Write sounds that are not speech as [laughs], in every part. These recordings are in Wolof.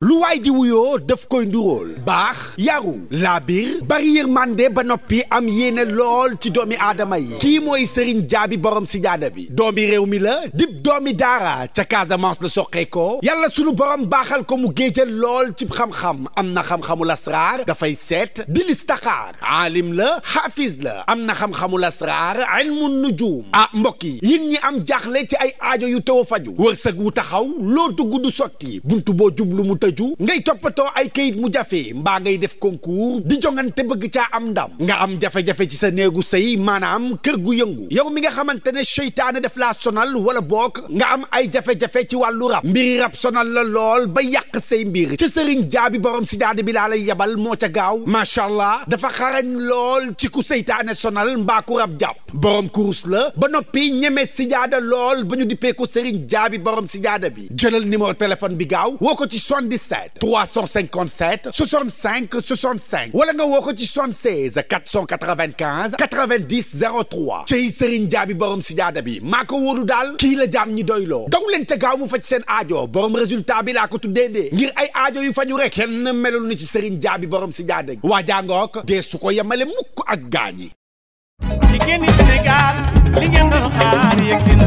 lu di wuyo def koy nduróol baax yaru laabir bari mandé ba nopi am yene lol ci domi adama yi ki moy serigne jaabi borom si jaada bi doomi réew mi la dib doomi daara ca Casamance la ko yàlla sunu borom baxal ko mu géejal lol ci xam-xam amna xam-xamu lasrar da fay set di listakhar alim la hafiz la amna xam-xamu lasraar ilmu nujum a mbokk yi yin ñi am jaxlé ci ay aajo yu taw faju wërsëg wu taxaw lo dugg du soti buntu bo jublu mu tëju ngay toppatoo ay kayit mu jafe mbaa ngay def concours di jongante bëgg caa am ndam nga am jafe-jafe ci sa néegu sëy maanaam kër gu yëngu yow mi nga xamante ne seytaane def laa sonal wala book nga am ay jafe-jafe ci wàllu rab mbiri rab sonal la lool ba yàq say mbir ci sëriñ jaabi borom si daadi bi laa lay yebal moo ca gaaw macha allah dafa xarañ lool ci ku seytaane sonal mbaa ku rab jàpp borom kurus la ba noppi ñeme sijaada lool ba ñu dippee ko sëriñ jaabi borom sijaada bi jëlal numéro téléphone bi gaaw 77 357 65 65 wala nga woo ko ci 76 495 Jaabi borom si jaada maa ko wóolu daal kii la jaam ñi doyloo daw leen ca gaaw mu faj seen aajo borom résultat bi laa ko tuddee dee ngir ay aajo yu fañu rek kenn melul ni ci Serigne Jaabi borom si jaada gi waa jàngook dee su ko yemale mukk ak gaañi jigéen ñi Sénégal li ngeen doon xaar yegg si na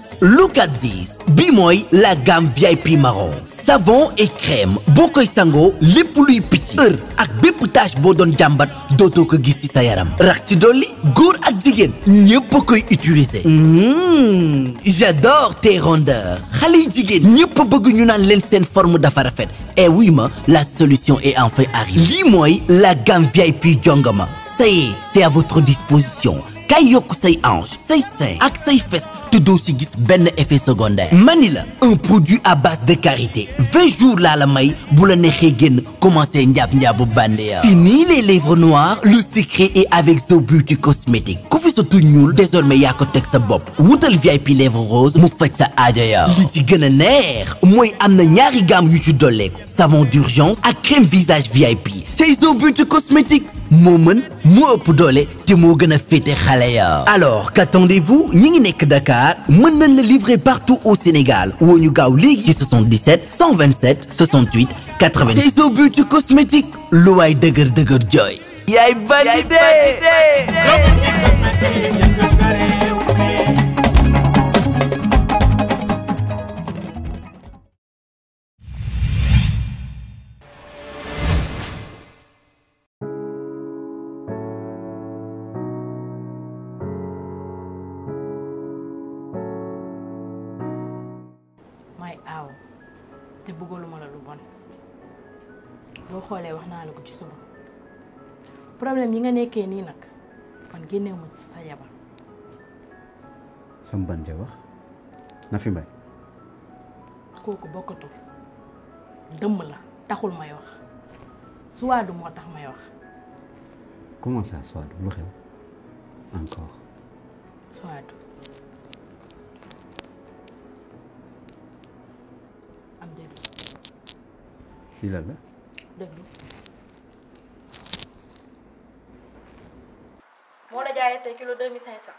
look at this bi la gamme VIP marron savon et crème Bokoy sango, les lépp luy picc heure ak bépp tache boo doon jàmbat dootoo ko gis ci sa yaram rax ci dolli góor ak koy utiliser mmh. j'adore tes rondeurs Khali jigen, jigéen ñépp bëgg ñu naan forme dafa rafet et eh oui ma la solution est enfin arrivée Bimoy, la gamme VIP jongama ça y est c'est à votre disposition kay yokk say ange, say sein ak say fesse te doo si gis un effet secondaire Manila, un produit à base de carité. 20 jours la la may bou la nexé à commencer faire des bandeya fini les lèvres noires le secret est avec Zo Beauty Cosmétique kou fi sa tuñ ñuul désormais yaa ko teg sa bop woutal VIP lèvres roses mu faj sa aajo ya li ci gën a neex mooy am ñaari gamme yu ci savon d'urgence ak crème visage VIP c'est Beauty Cosmétique moment cosmétique, alors qu'attendez-vous Nous ngi Dakar nous nañ livrer partout au Sénégal Ou au gaaw léegi 77 127 68 80 but Beauty Cosmétique lu joy, la lu bon boo xoolee wax naa la ko ci suba problème yi nga nekkee nii nag man génneewu ma sa jabar. sam ban jabar na fi mbay. kooku bokkatul dëmm la taxul may wax suwaadu moo tax may wax. comment ça suwaadu lu xew encore. suwaadu. lii la. moo la jaayee tey kilo 2500.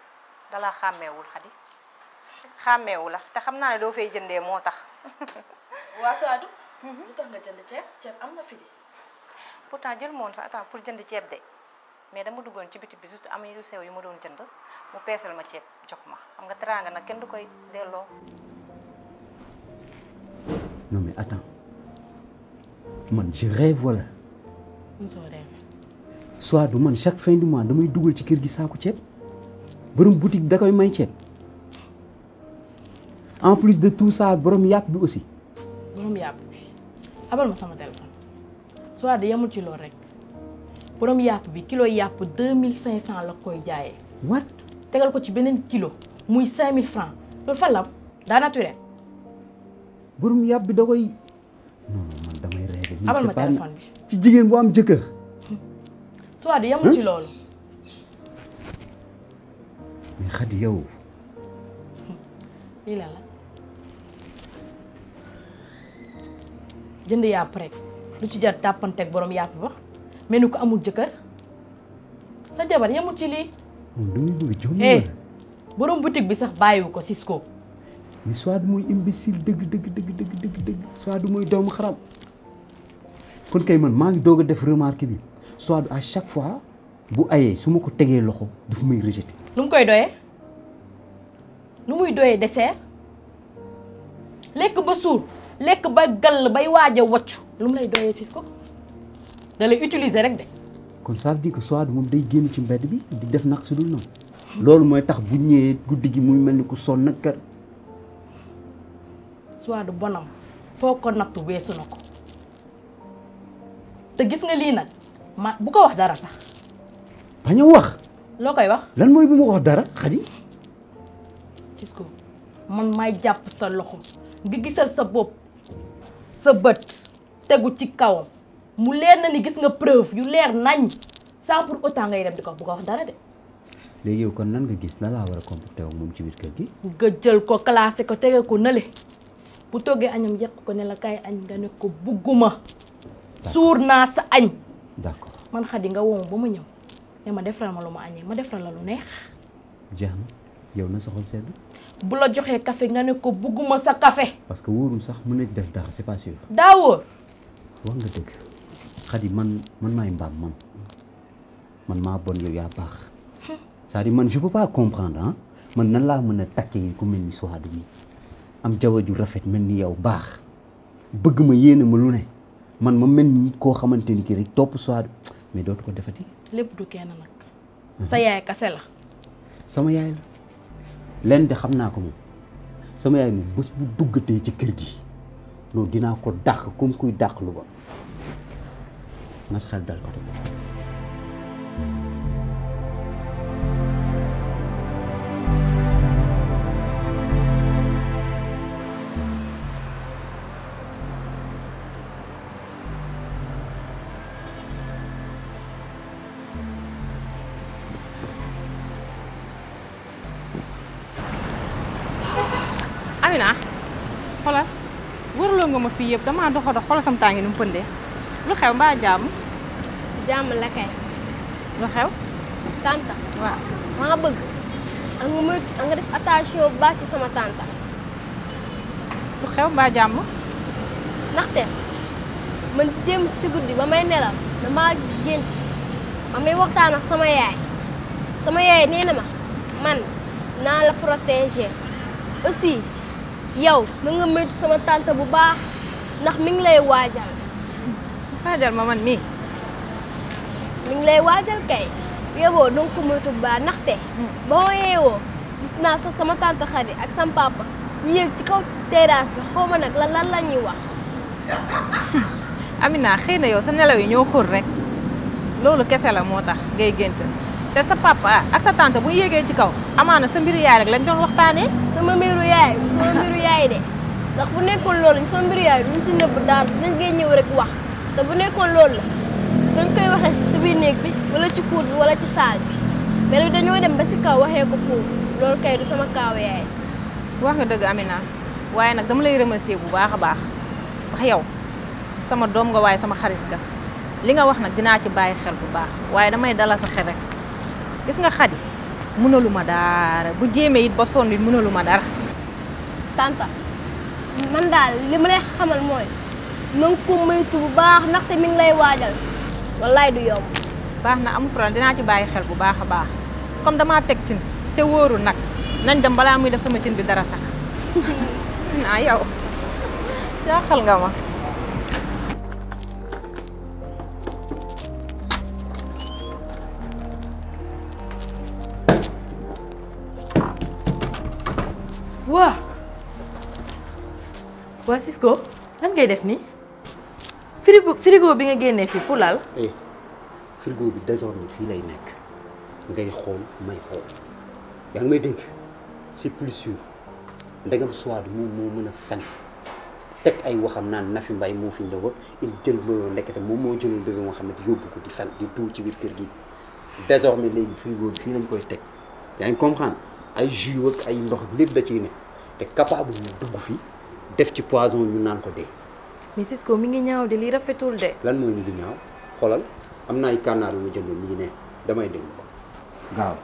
dalaa xàmmeewul xadi xàmmeewu la te xam naa ne doo fay jëndee moo tax. [laughs] waa Sadou. Mhm. lu tax nga jënd ceeb ceeb am na fi di. pourtant jël moon sax attends pour jënd ceeb de mais dama duggoon ci biti bi surtout am yu sew yu ma doon jënd mu peesal ma ceeb jox ma xam nga teraanga nag kenn du koy delloo. je rêve voilà soit du chaque fin de mois je vais ci boutique may en plus de tout ça borom yap aussi. borom yap bi Je ma sama téléphone soit de yemul ci vais rek borom bi kilo yap deux la koy Je what tegal ko ci un kilo muy vais francs loolu fan da naturel. borom yap bi abal ma téléphone bi ci jigéen bu am jëkkër. Souadou yamul ci loolu. mais Xadi yow. lii la la jënd yàpp rek lu ci jar tàppanteeg boroom yàpp ba mel ni ko amul jëkkër sa jabar yamul ci lii. moom damay bëgg jom eh, la. borom boutique bi sax bàyyiwu ko Cisco. mais Souadou mooy imbécile dëgg dëgg dëgg dëgg dëgg Souadou mooy doomu xaram. kon kay man maa ngi doog a def remarque bi soit à chaque fois bu ayee su ma ko tegee loxo daf may rejeté. lu mu koy doyee lu muy doyee dessert lekk ba suur lekk ba gàll bay waaj a wocc lu mu lay doyee sis ko da utiliser rek de. kon ça veut ko que soit mu day génn ci mbedd bi di def nag su dul noonu. loolu mooy tax bu ñëwee guddi gi muy mel ni ku sonn kër. soit du bonam foo ko nattu weesu na ko. te gis nga li nak ma bu ko wax dara sax. buka wax. loo koy wax. lan moy bu mu wax dara xadi. gis ko man may japp sa loxo nga gisal sa bop sa beut tegu ci kaw mu leer na ni gis nga preuve yu leer nañ sans pour autant ngay dem di bu ko wax dara de. legi yow kon nan nga gis na la wara comporter ci bir keur gi. nga jël ko classer ko tege ko nele bu anyam añam ko ne la kaay añ ko buguma sourna sa d'accord man xadi nga wom ba ma ñëw ne ma defaral ma lu ma ma defaral la lu neex. jam yow na sa sedd. bu la joxee café nga ne ko buguma sa café. parce que wóorul sax mu na def dara c'est pas sûr. nga deug xadi man man may mbam man man ma bon yow ya bax ça dit man je peux pas comprendre hein man nan la mën a ku melni mi am jawaju rafet melni yow bax bëgguma yéne ma lu neex man ma mel nit koo xamante ni kii rek topp soit mais dootu ko defati. lépp du kenn nag. sa yaay kase la. sama yaay la lenn de xam naa ko moom sama yaay moom bés bu duggatee ci kër gi loolu dinaa ko dàq comme kuy dàq lu ba nas xel dal ko. ma fii yëpp damaa doxo dox xoolal sama tàngi nu pëndee lu xew baa jàmm. jàmm la kay. lu xew. tanta. waaw maa bëgg. ak nga def attention bu baax ci sama tanta. lu xew mbaa jàmm. ndaxte man démb si guddi ba may nelaw damaa génn ma may waxtaan ak sama yaay sama yaay nii na ma man naa la protéger aussi yow na nga sama tante bu baax. ndax mi ngi lay waajal. waajal ma man mii. mi ngi lay waajal kay yóbboo donc ko moytu bu baax ndaxte. ba ma yeewoo gis naa sax sama tante xarit ak sama papa ñu yëg ci kaw terrasse bi xaw nag lan lan la ñuy wax. [laughs] Amina xëy na yow sa nelaw yi ñoo xur rek loolu kese la moo tax ngay gént te sa papa ak sa tante bu ñu yéegee ci kaw amaana sa mbiru yaay rek lañ doon waxtaanee. sama mbiru yaay de. ndax bu nekkoon loolu ñu soo mbiri yaay duñ si nëbb daal dañ ngay ñëw rek wax te bu nekkoon loolu la dañ koy waxee si biir néeg bi wala ci kuur bi wala ci saal bi mais dañoo dem ba si kaw waxee ko foofu loolu kay du sama kaaw yaay. wax nga dëgg Amina waaye nag dama lay remercier bu baax a baax ndax yow sama doom nga waaye sama xarit ga li nga wax nag dinaa ci bàyyi xel bu baax waaye damay dalal sa xel rek gis nga xadi mënalu ma dara bu jéemee it ba sonn it ma dara man daal li ma lay xamal mooy na nga ko bu baax ndaxte mi ngi lay waajal wallaay du yomb. baax na amul problème dinaa ci bàyyi xel bu baax a baax comme damaa teg cin te wóoru nag nañ dem balaa muy def sama cin bi dara sax [laughs] ah yow jaaxal nga ma. ko lan ngay def nii frigo bi nga génnee fi pour laal. eh frigo bi désormais fii lay nekk ngay xool may xool yaa ngi may dégg c'est plus sûr ndegam soit moom moo mën a fen teg ay waxam naan Nafi mbay moo fi ñëw ak il jël booyoo ndekete moom moo jëloon bébé Mouhamed yóbbu ko di fen di tuur ci biir kër gi désormais léegi frigo bi fii lañ koy teg yaa ngi comprendre ay jus ak ay ndox lépp da ci ne te capable mu dugg fii. def ci poison ñu nan ko dé mais ko mi ngi ñaaw de li rafetul de. lan mooy ñu ñaaw xolal amna ay canard mu ma mi ne damay déglu ko. gaaw.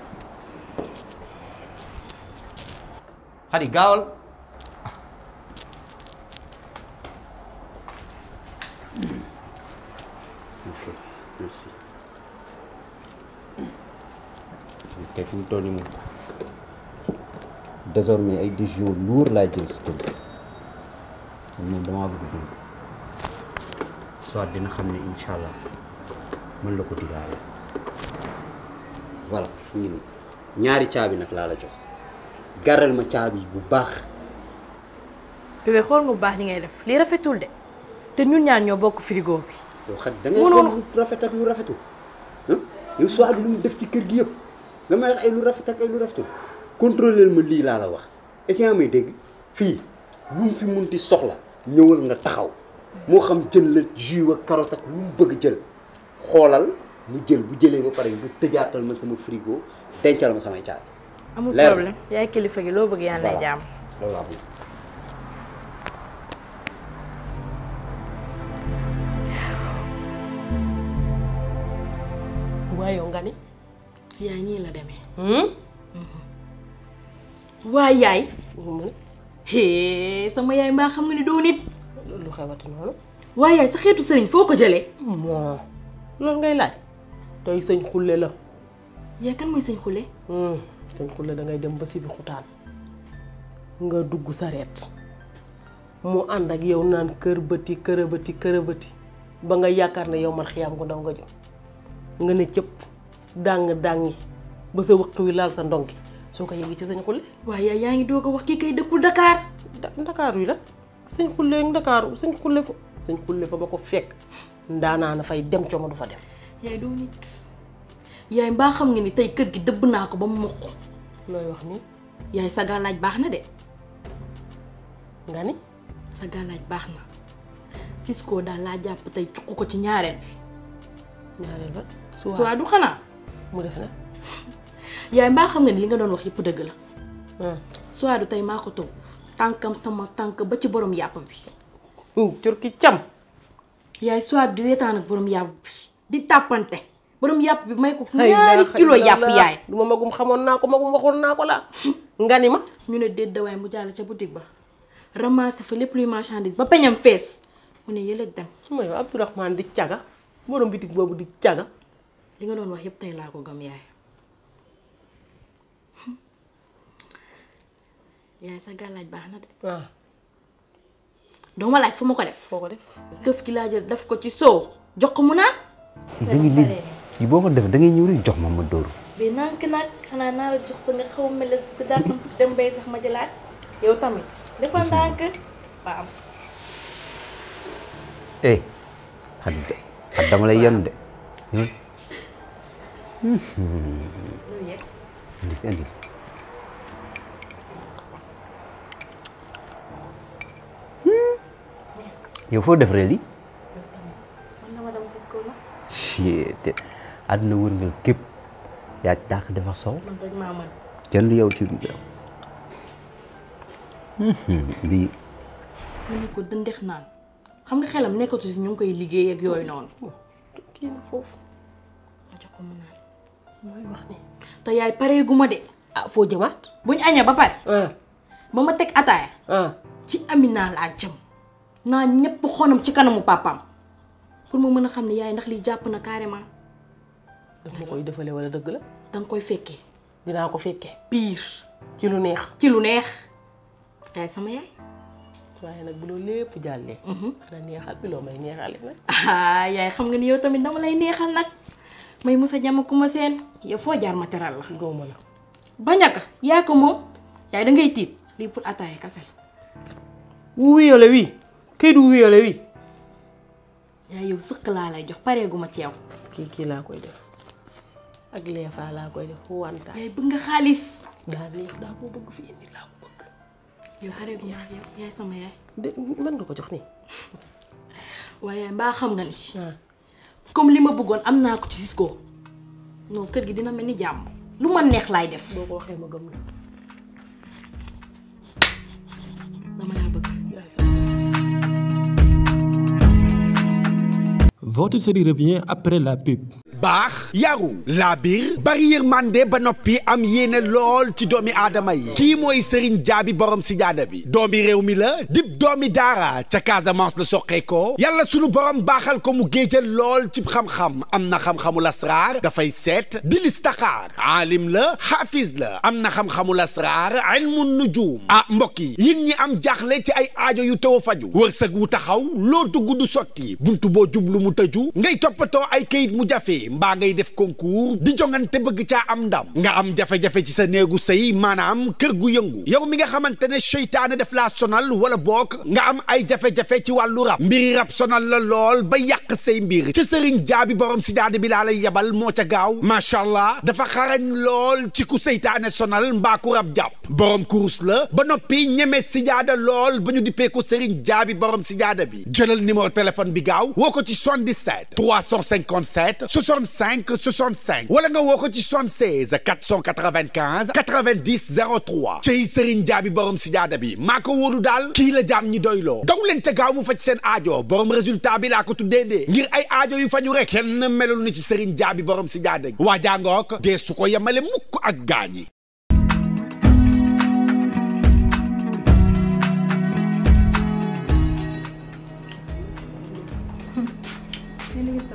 hadi gaawal. ok merci. te fi mu toll nii moom désormais ay décision lourd laa jël si moom damaa bëgg dund soit dina xam ne incha allah la ko digaale voilà fu ngi nii ñaari caabi nag laa la jox garal ma caabi bu baax bébé xool nga baax li ngay def li rafetul de te ñun ñaan ñoo bokk frigo bi yow xat da xool lu rafet ak lu rafetul yow soo ak lu ñu def ci kër gi yëpp nga may wax ay lu rafet ak ay lu rafetul contrôleel ma lii laa la wax est-ce may dégg fii lu mu fi munti soxla ñëwal nga taxaw mo xam jël le jus ak carotte ak lu mu bëgg jël xolal mu jël bu jëlé ba paré bu tëjaatal ma sama frigo dencal ma samay caabi. amul problème yaay kilifa gi lo bëgg ya lay jaam. wayo nga ni yaay la hmm? mhm. waay yaay. Hei, sama yaay ma xam nga ni do nit. lu xewatu noonu. way yaay sa xetu serigne foko jele mo lol ngay laaj. tey serigne khulle la. ya kan serigne khulle hmm serigne khulle da ngay dem ba sibi bi nga duggu saret mu and ak yow nan keur beuti keur beuti keur beuti ba nga yakar na yow man xiyam ko ndaw nga jëm nga ne cëpp dang dangi ba sa waxtu wi laal sa ndongi soo ko yëgee ci sëñ xulle waaye yaay yaa ngi doog a wax ki kay dëkkul Dakar Dakar yi la sëñ xulle ak Dakar sëñ fa ba ko fekk ndaanaa na fay dem coono du fa dem yaay doo nit yaay mbaa xam nga ni tey kër gi dëbb naa ko ba mu mokk looy wax ni yaay sa gàllaaj baax na de nga ni sa gàllaaj baax na Cisco daal laa jàpp tey cuq ko ci ñaareel bi ñaareel ba su du xanaa mu def na yaay mbaa xam na ni li nga doon wax yëpp dëgg la. Hmm. soit du tey maa ko toog tànkam sama tànk ba ci borom yàpp bi. turki cam. yaay soit di reetaan ak borom yàpp bi di tàppante borom yàpp bi may ko. ñaari kilo yàpp yaay. du ma magum xamoon naa ko magum waxoon naa ko la [laughs] nga ni ma. ñu ne déet dawaay mu jàll ca boutique ba ramasser fa lépp luy marchandise ba peñam fees mu ne yële dem. su ma yow Abdourahmane di caga borom bitig boobu di caga. li nga doon wax yëpp tey laa yaay saya gàllaaj baax na de. waaw. doo ma laaj fu ma ko def. foo ko def këf gi laa jël def ko ci nyuri jox ko mu naan. dañuy lii yi boo ko da ngay ñëw rek jox ma ma dóoru. mais la jox sa nga xaw dem bay sax ma jëlaat yow tamit eh xat xat dama lay yenu de. loolu yëpp. indi yow foo def réel yi. te àdduna wërngal képp yaa dàq defar sow. kenn du yow ci. Hmm, lii. mu ne ko dëndex naan xam nga xelam nekkatu si ñu ngi koy liggéey ak yooyu noonu. kii oh, na ma jox te yaay paree gu ma de. Ah, foo jëmaat. bu ñu añee ba pare. Ah. ba ma teg ataaya. Ah. ci Amina laa na ñepp xonam ci kanamu papaam pour mo meuna xamni yaay ndax li japp na carrément. daf ma koy defale wala deug la. dang koy fekke dina ko fekke pire. ci lu neex. ci lu neex. ay sama yaay. waye nak bu lo lepp jalle mhm. xanaa neexal bi lo may neexalee nak ah yaay xam nga ni yow tamit dama lay neexal nak may musa jàmm ku ma seen yow foo jaar matériel la. goma ma la. bañaka yaa ko moom yaay da ngay tiit li pour attaquer kassel la. wuuy yow kii du violé wi. yaa yow sëq laa lay jox pareegu ma ci kii kii laa koy def ak leefaa laa koy def wanta. bëgg nga xaalis. daa neex daa ko yaay sama yaay. de nga ko jox nii. waaye mbaa xam nga ni. comme li ma bëggoon am naa ko ci Cisco. non kër gi dina mel ni jàmm. lu ma neex laay def. boo ko waxee ma gëm la. dama laa bëgg. Votre série revient après la pub. Bach, yaru Labir, bari Mande ba noppi am yene lol ci domi aadama yi kii borom si bi Domi rewmi la dib doomi daara ca Casamance le soxeko. Yalla sunu borom baxal ko mu géejal lol ci xam-xam am xam-xamu da fay set, di Alim la hafiz la Amna xam-xamu nujum ah mbokki, am jaaxle ci ay aajo yu tewo faju taxaw lo buntu mu tëju ngay toppatoo ay kayit mu jafe mbaa ngay def concours di jongante bëgg caa am ndam nga am jafe-jafe ci sa néegu sëy maanaam kër gu yëngu yow mi nga xamante ne seytaane def laa sonal wala book nga am ay jafe-jafe ci wàllu rab mbiri rab sonal la lool ba yàq say mbir ci sëriñ jaabi borom si daade bi laa lay yabal moo ca gaaw macha allah dafa xarañ lool ci ku seytaane sonal mbaa ku rab jàpp borom kurus la ba noppi ñeme si jaada lool ba ñu dippeeku sëriñ jaabi borom si jaada bi jëlal numéro téléphone bi gaaw woo ko ci 77 357 65 65 wala nga woo ko ci 76 495 90 03 ci Serigne Jaabi borom si jaada bi maa ko wóolu daal kii la jaam ñi doy loo daw leen ca gaaw mu faj seen aajo borom résultat bi laa ko tuddee de ngir ay aajo yu faju rek kenn melul ni ci Serigne Jaabi borom si jaada gi waa jàngook dee su ko yemale mukk ak gaañi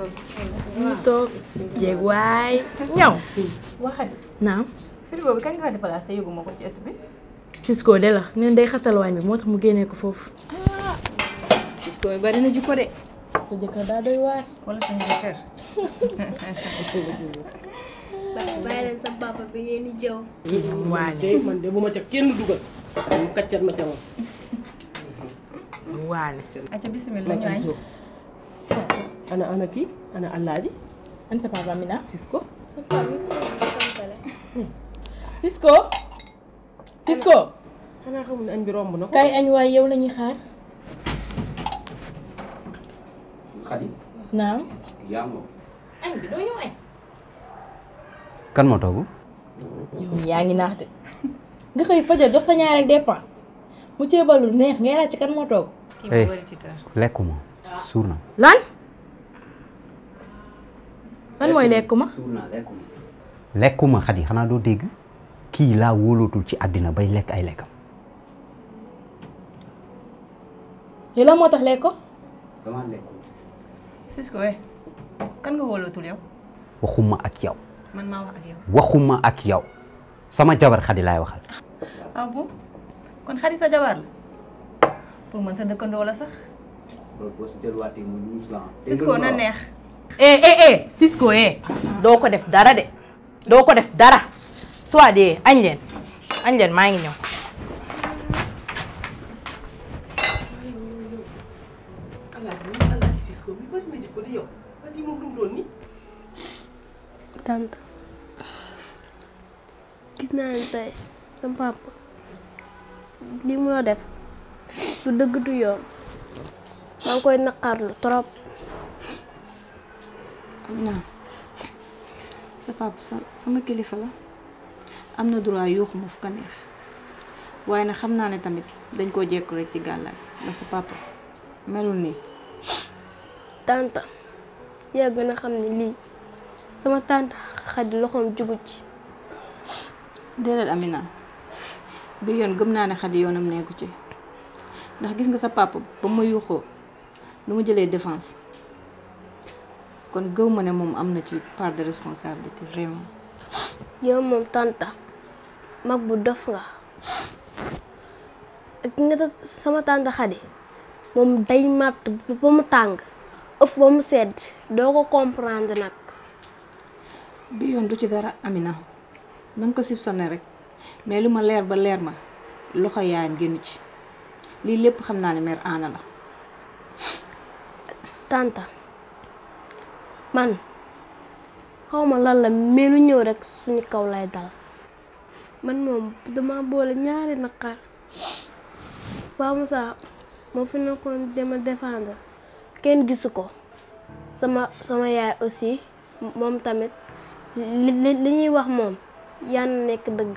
toog mu toog jéeg waay ñaw waxati naam sëñ boobu kañ nga fa déplacé te yëguma ko ci ëtt bi Cisco de la neen day xatal waañ bi moo tax mu génnee ko foofu Cisco ah, bi bari na jikko de sa jëkkër daa doy waar wala sa jëkkër [laughs] bàyyi leen sa papa bi ngeen di jëw waane tey man kenn dugal mu kaccat ma ca waane ana ana kii ana Alaaji. an sa papa Mina Cisco. Cisco. Cisco. xanaa xamul añ bi yow la xaar. naam. kan moo toogu. yow yaa ngi naax de. nga xëy fajar jox sa ñaari dépense mu ceebalul neex ngay laaj ci kan moo toog. Eh, kii lekkuma suur na lan. lan mooy lekkuma lekkuma xat yi xanaa doo dégg kii laa wóolootul ci àddina bay lekk ay lekkam lii la moo tax lekk ko dama eh. kan nga wóolootul yow waxuma ak yow man maa wax ak yow waxuma ak yow sama jabar xaddi laay waxal ah bon kon xadi sa jabar la pour man sa dëkkandoo la sax Cisco na neex eh eh eh Cisco eh doo ko def dara de doo ko def dara so ade anjen anjen añ leen ngi ñëw tante gis naa ne tey sama papa li mu la def du dëgg du yoon maa ngi koy trop non sa papa sama kilifa la am na droit yuuxu ma fu ko neex waaye nag xam naa ne tamit dañ koo jekku rek ci gàllaay ndax sa papa melul nii tànta yaa gën a xam ne lii sama tànta xadi loxoom jugu ci déedéet Amina bi yoon gëm naa ne xadi yoonam nekku ci ndax gis nga sa papa ba ma yuuxoo lu mu jëlee défense kon gëw ma ne moom am na ci part de responsabilité yow moom tanta mag bu dof la ak nga sama tante Xadi moom day màtt ba mu tàng ëf ba mu sedd doo ko comprendre nag. bi yoon du ci dara Amina na nga ko soupçonné rek mais lu ma leer ba leer ma loxo yaayam génn ci lii lépp xam naa ne mère Anna la. tanta man xawma lan la mais lu ñëw rek suñu kaw lay dal man moom dama boole ñaari naqar Paa Moussa moo fi nekkoon dama défendre kenn gisu ko sama sama yaay aussi moom tamit li li ñuy wax moom yaa nekk dëgg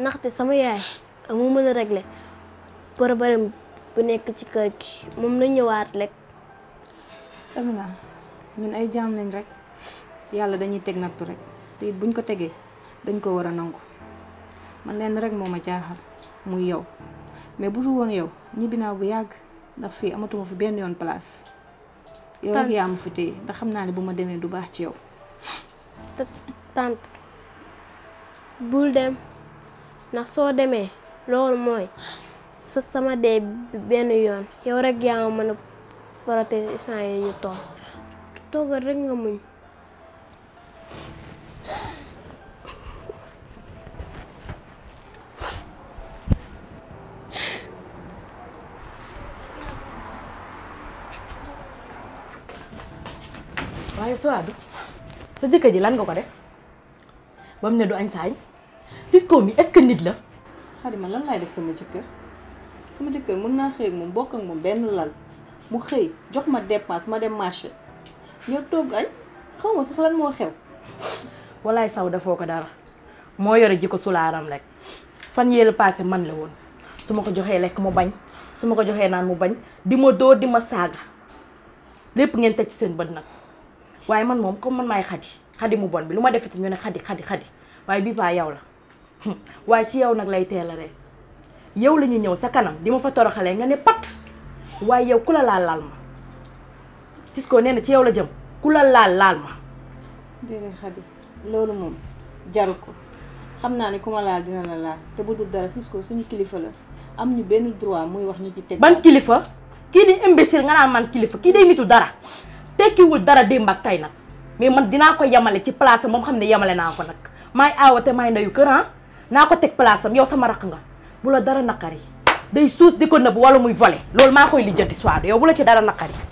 ndaxte sama yaay ak mu mën a régler problème bu nekk ci kër gi moom la ñëwaat lekk Amina. ñun ay jaam lañ rek yàlla dañuy teg nattu rek te buñ ko tegee dañ ko war a nangu man leen rek moom a jaaxal muy yow mais bu dul woon yow ñibbi naa bu yàgg ndax fii amatuma fi benn yoon place yow rek ndax xam naa ne bu ma demee du baax ci yow tante bul dem ndax soo demee loolu mooy sa sama dee benn yoon yow rek yaa ma mën a protéger instant yi ñu toog toogal rek nga muñ waaye Souadou sa jëkkër ji lan nga ko def ba mu ne du añ saañ Cisco mi est-ce que nit la. Xadima lan laay def sama jëkkër sama jëkkër mën naa xëy ak moom bokk benn lal mu xëy jox ma deppaas ma dem marché ñoo togg añ xaw ma sax lan moo xew. walaay saw defoo ko dara moo yore ji ko sulaaram rek fan yéen passé man la woon su ma ko joxee lekk mu bañ su ma ko joxee naan mu bañ di ma door di ma saaga lépp ngeen teg ci seen bët nag waaye man moom comme man maay xadi xadi mu bon bi lu ma defati ñu ne xadi xadi xadi waaye bii paa yow la [laughs] waaye ci yow nag lay teel a rek yow la ñu ñëw sa kanam di ma fa toroxalee nga ne pat waaye yow ku la laal laal ma Cisco na ci yow la jëm. ku la laal laal ma. déedéet Khady loolu moom jaru ko xam naa ni ku ma laal dina la laal te bu dul dara Cisco suñu kilifa la am ñu benn droit muy wax ñu ci teg. man kilifa kii di imbécile nga naan man kilifa kii de nitu dara tekkiwul dara démb ak tey nag mais man dinaa ko yemale ci place moom xam ne yemale naa ko nag maay aawa te maay ndeyu kër ah? naa ko teg place am yow sama raq nga bu la dara naqari day suus di ko nëbb wala muy volé loolu maa koy lijjanti soir yow bu la ci dara naqari.